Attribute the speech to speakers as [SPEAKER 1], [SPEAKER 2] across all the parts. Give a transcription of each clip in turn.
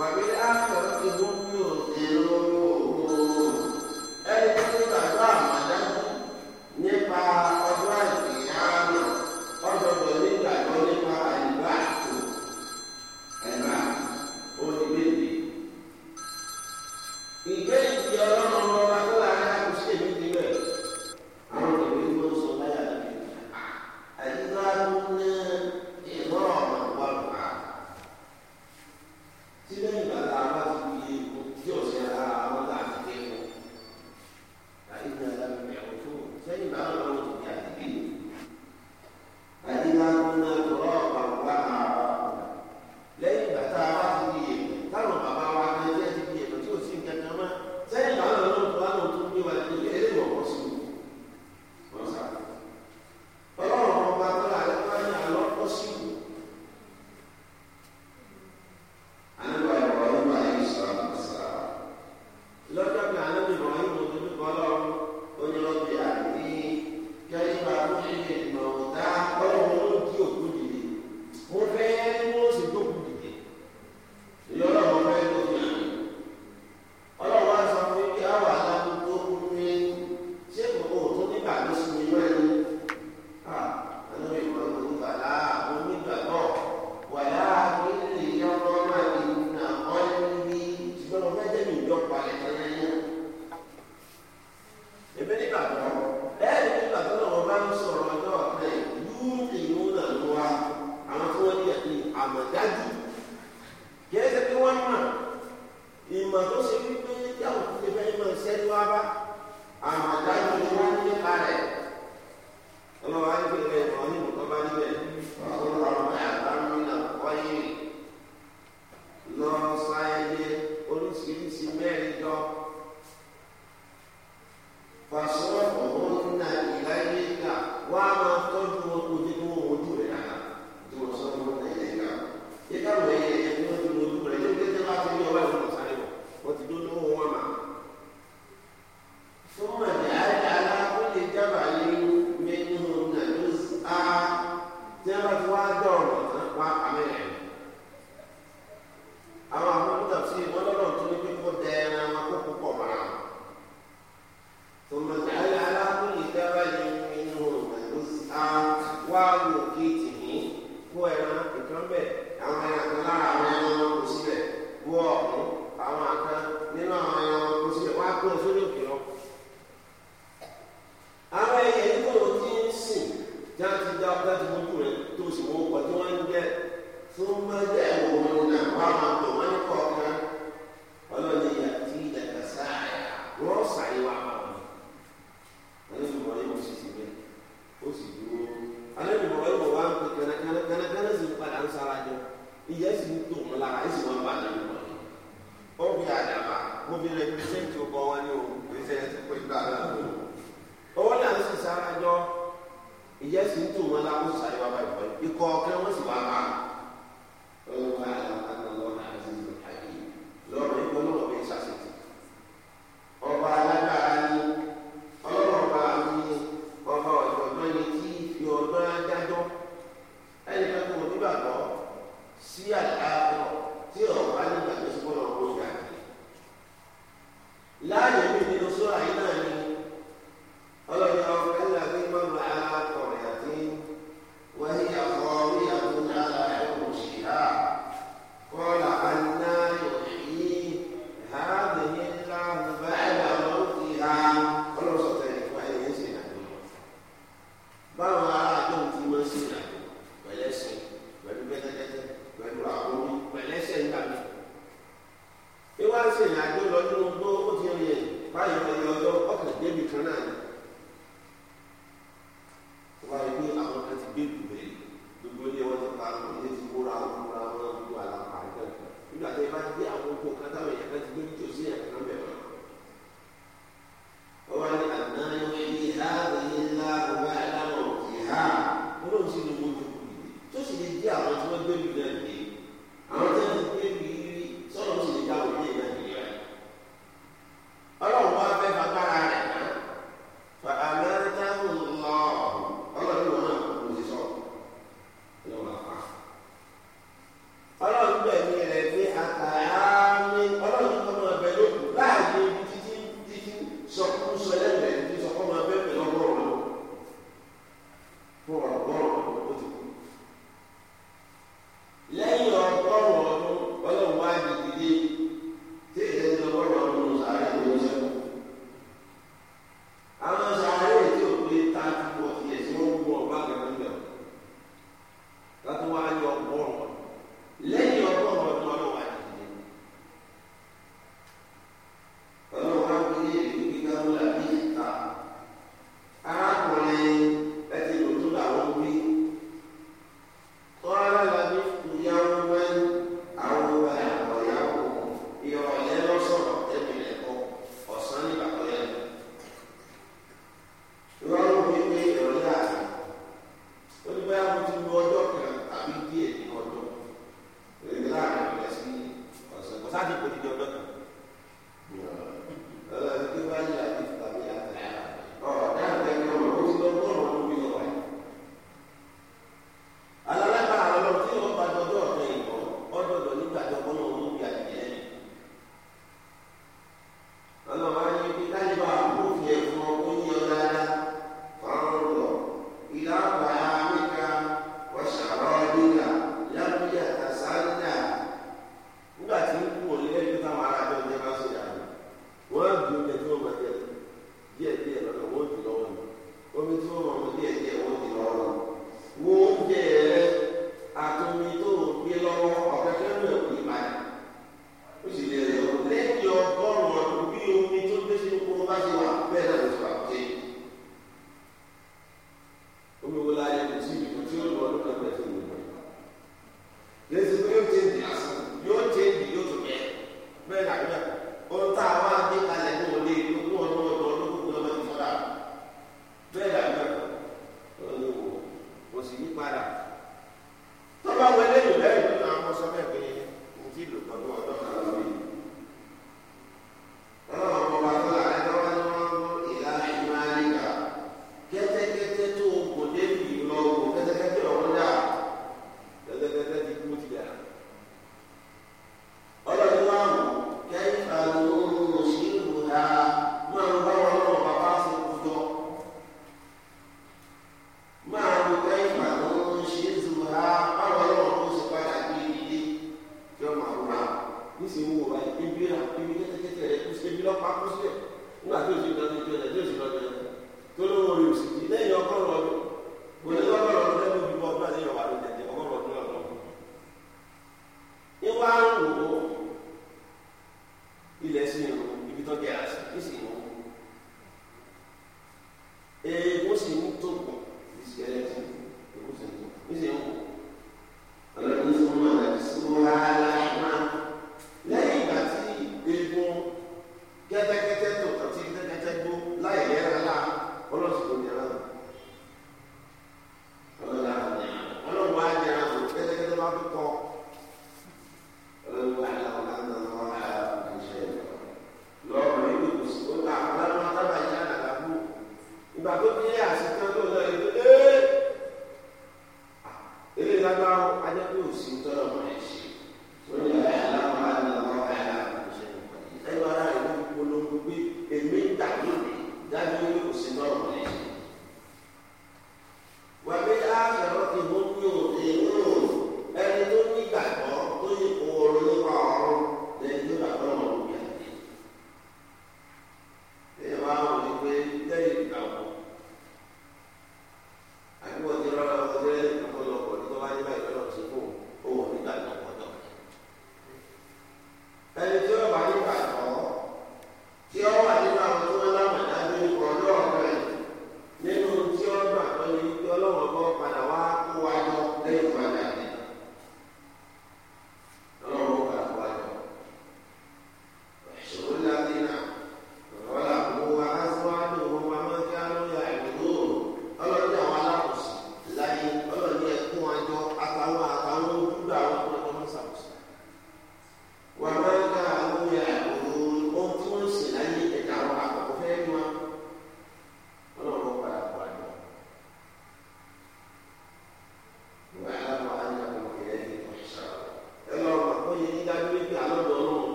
[SPEAKER 1] When we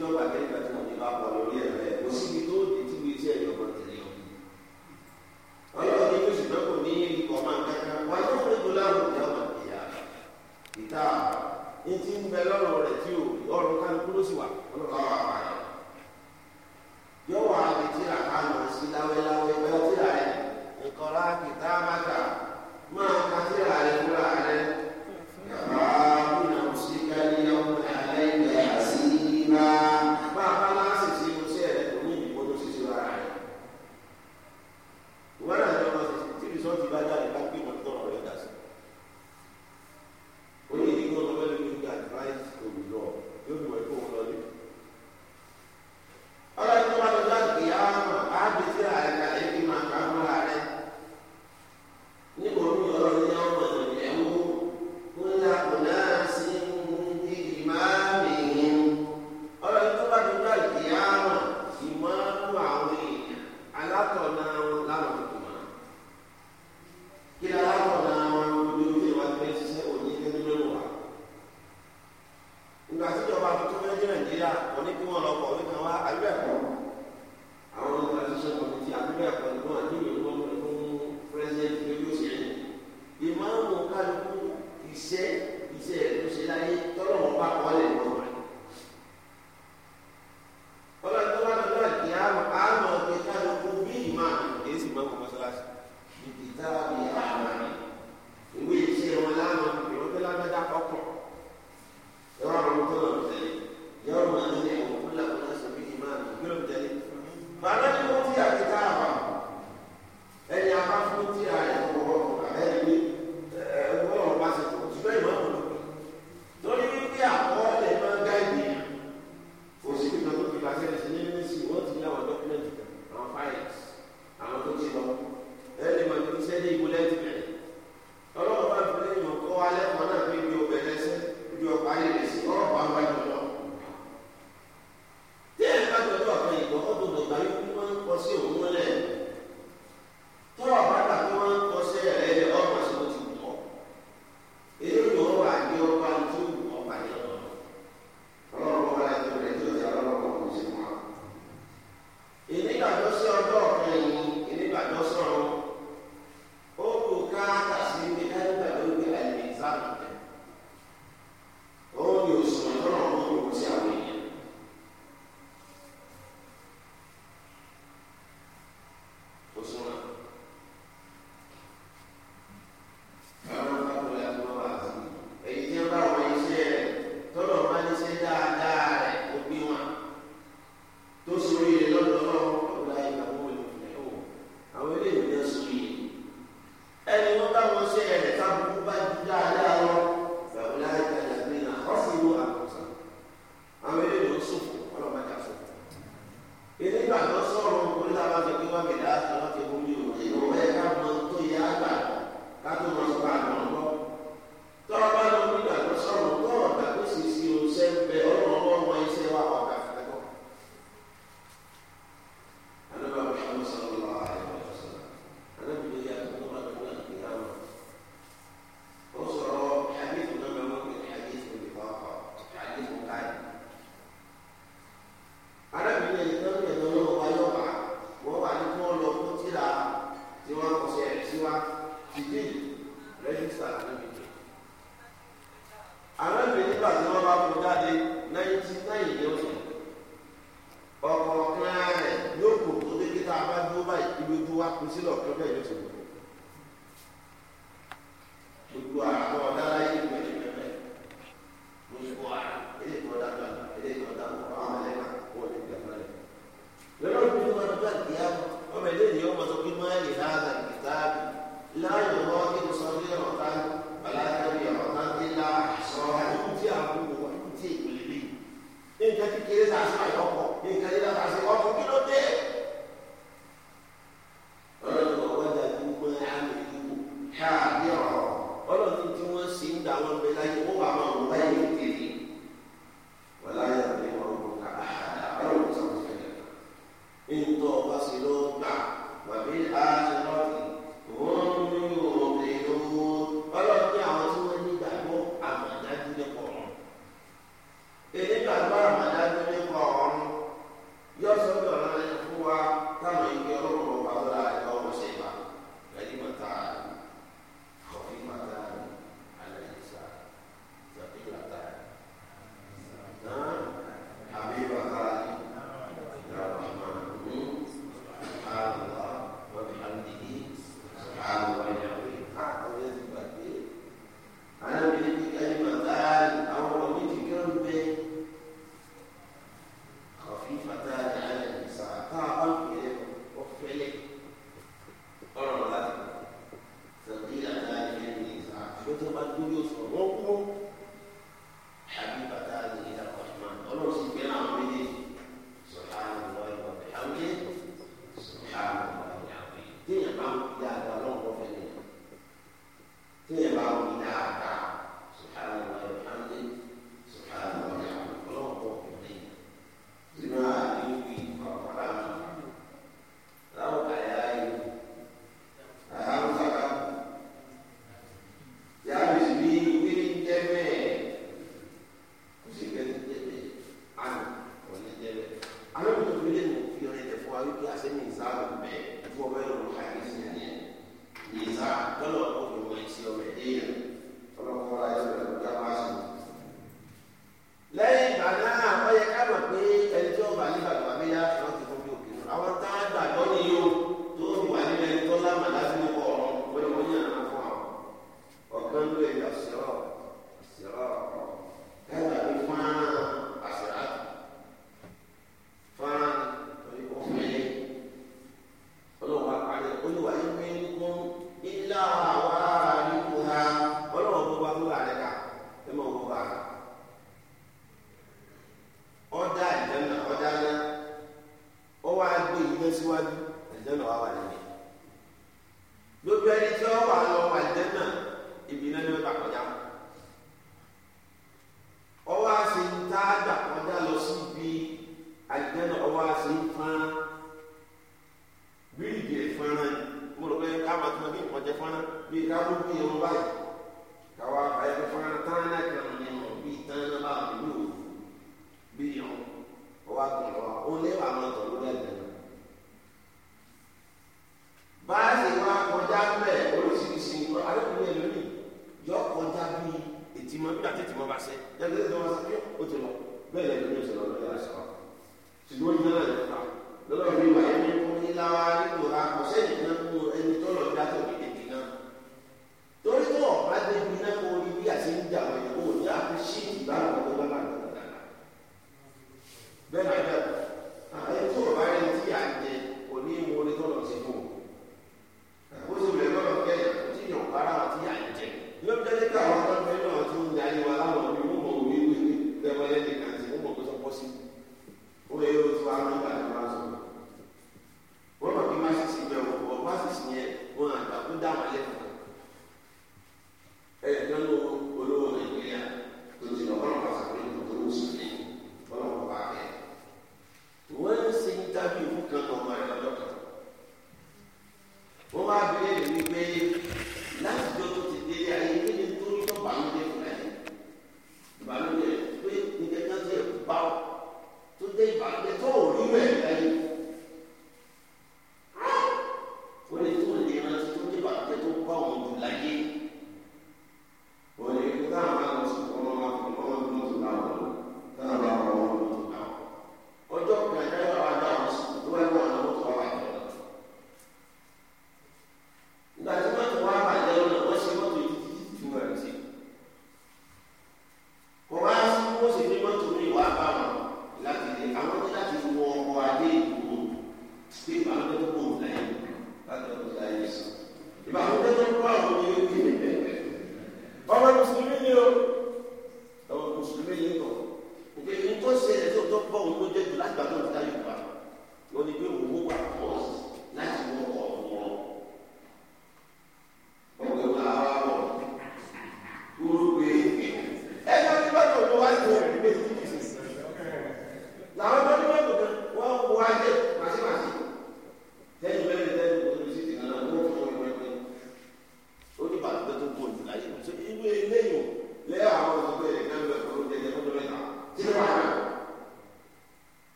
[SPEAKER 1] tí ọgbà kẹ́kẹ́ tí wọ́n ti bá pọ̀ lórí ẹ̀rẹ́ kò síbi tó dé tí mo iṣẹ́ ìjọba ti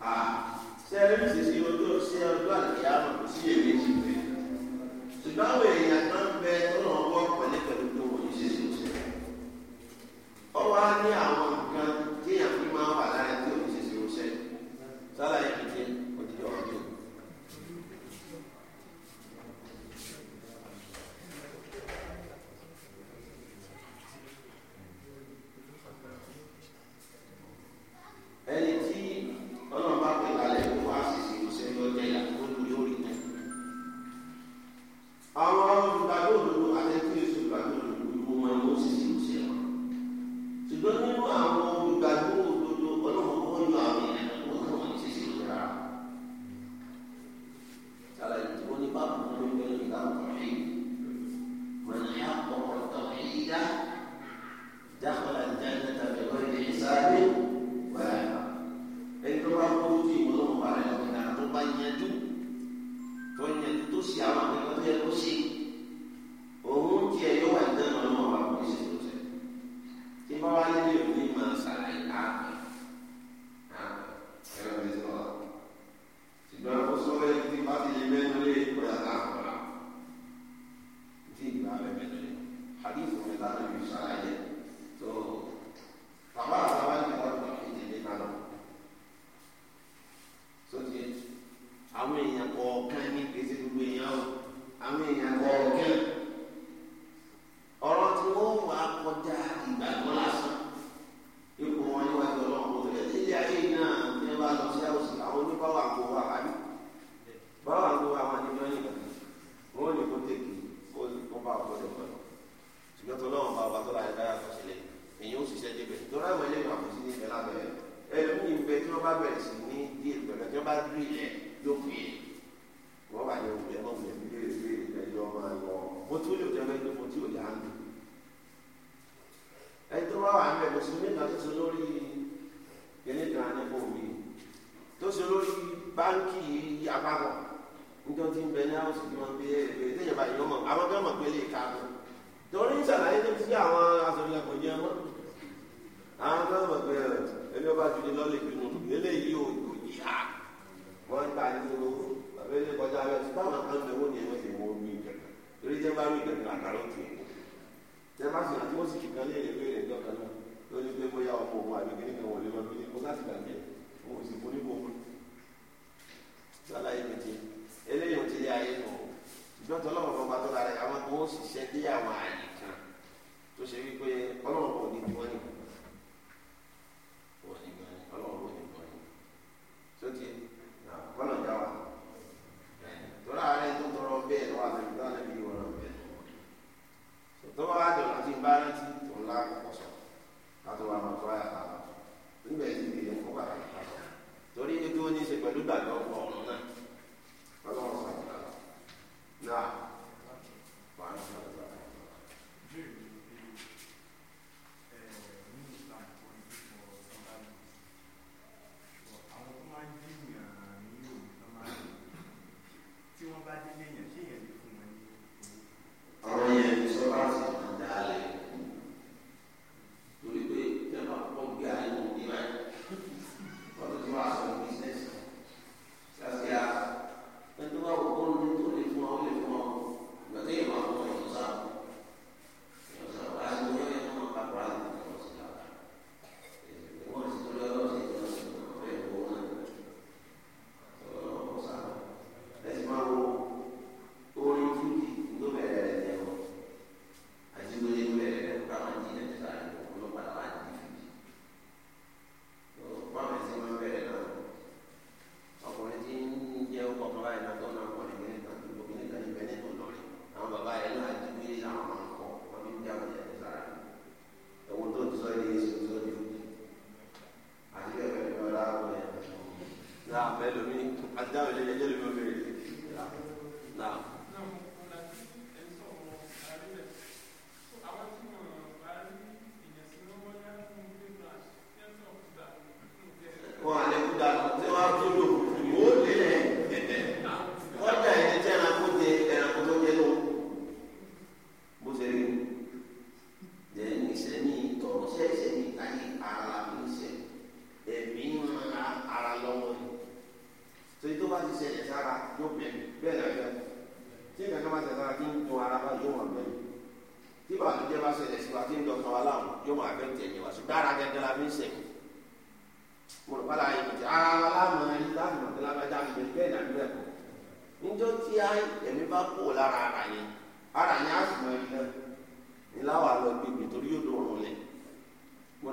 [SPEAKER 1] Ah, ṣé ẹni ṣe ṣe ojú ṣé ọjọ́ àlùyá mọ̀ kò sí èmi jì bẹ́ẹ̀. ṣùgbọ́n àwọn èèyàn kan bẹ tó lọ́wọ́ pẹ̀lú pẹ̀lú tó wọ́n yìí ṣe ṣe ṣe. ọwọ́ á ní àwọn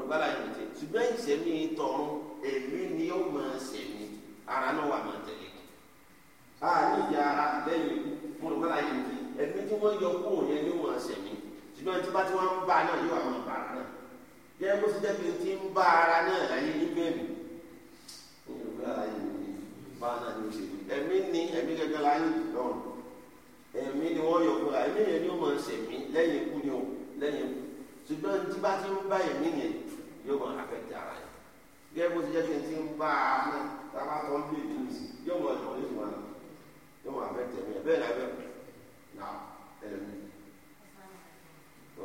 [SPEAKER 1] rògbò aláyé mi ti ṣùgbọ́n ìṣẹ́mi tọ̀run èmi ni ó máa ṣẹ̀mí ara náà wà máa tẹ̀lé a ní ìyá ara lẹ́yìn mo rògbò aláyé mi ti ẹ̀mí tí wọ́n yọ kúrò yẹn ni ó máa ṣẹ̀mí ṣùgbọ́n tí bá ti wọ́n ń bá náà yóò àwọn ìbá náà yẹ bó ti jẹ́ ti ń bá ara náà láyé níbẹ̀ mi. ẹ̀mí ni ẹ̀mí gẹ́gẹ́ láyé lọ́rùn ẹ̀mí ni wọ́n yọ kúrò ẹ̀mí yẹn ni ó máa ṣẹ̀mí lẹ́yìn ikú ni ó lẹ́yìn ikú ṣùgbọ́n tí bá ti ń bá ẹ̀mí yẹn yóò mọ àfẹtẹ ara yẹn bí bó ti jẹ kí ń bá a náà tá a bá tọ́ ń bí èdè mi yóò mọ ìtọ́ nínú wa yóò mọ àfẹtẹ mi bẹ́ẹ̀ ni abẹ́ nà ẹlẹ́mi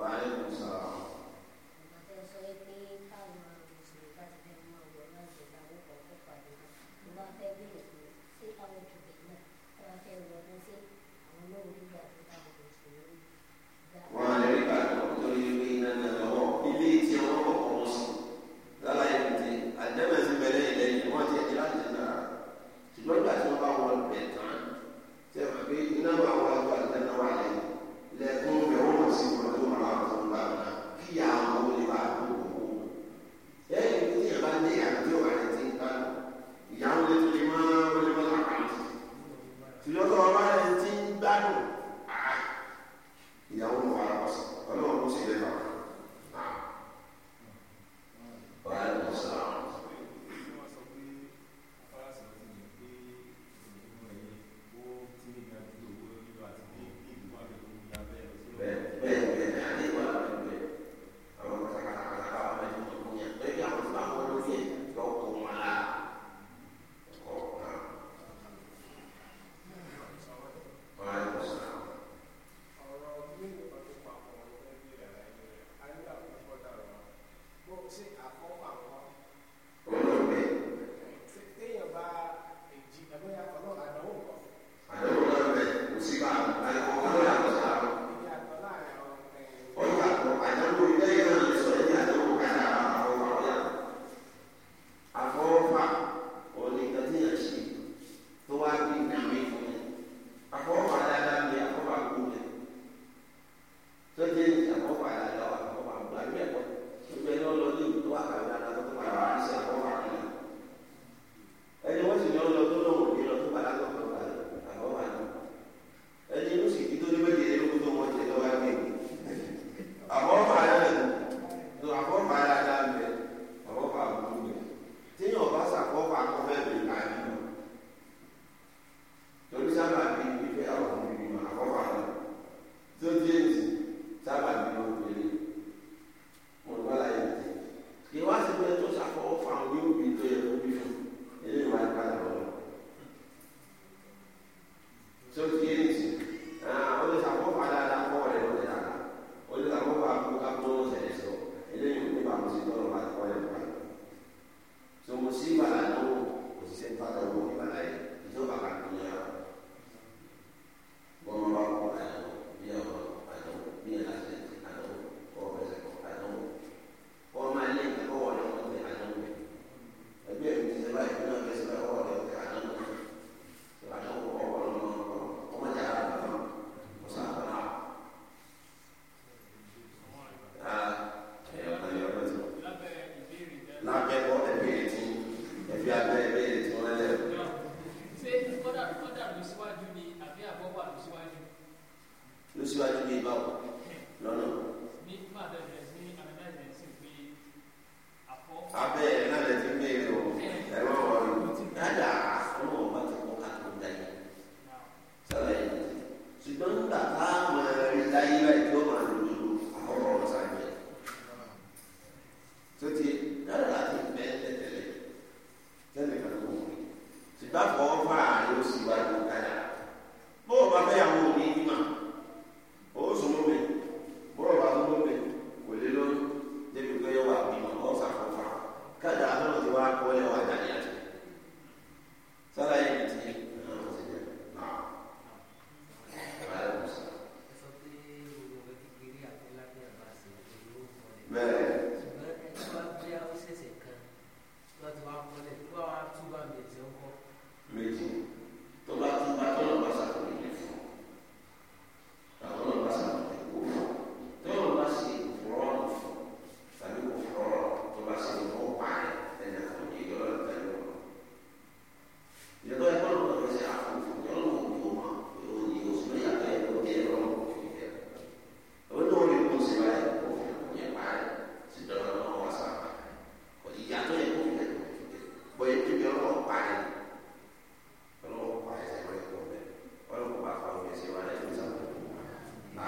[SPEAKER 1] ẹ̀ ń